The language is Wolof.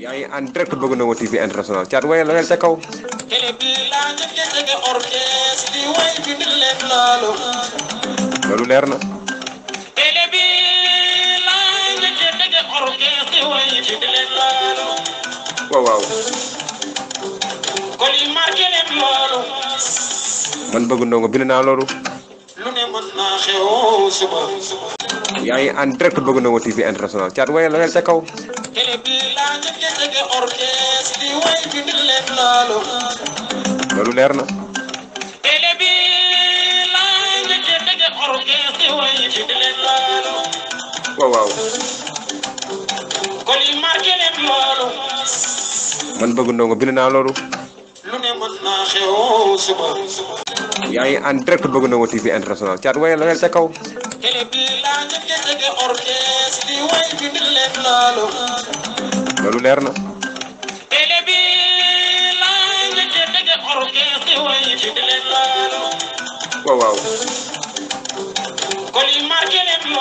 yaa en direct bëgg TV international ca kaw leer na waaw waaw man bëgg ndongo bind naa yaa en direct bëgg ndongo TV international way la wayal ca kaw lolu leer na waaw waaw man bëgg ndongo bind naa loolu yaa ngi en direct bëgg ndongo TV international caat la wayal ca kaw télé bi laa njëkk a jege orchestre di way bindil leen loolu. loolu leer na. télé bi laa njëkk a jege orchestre di way bindil leen loolu. waaw waaw. kon yi marqué leen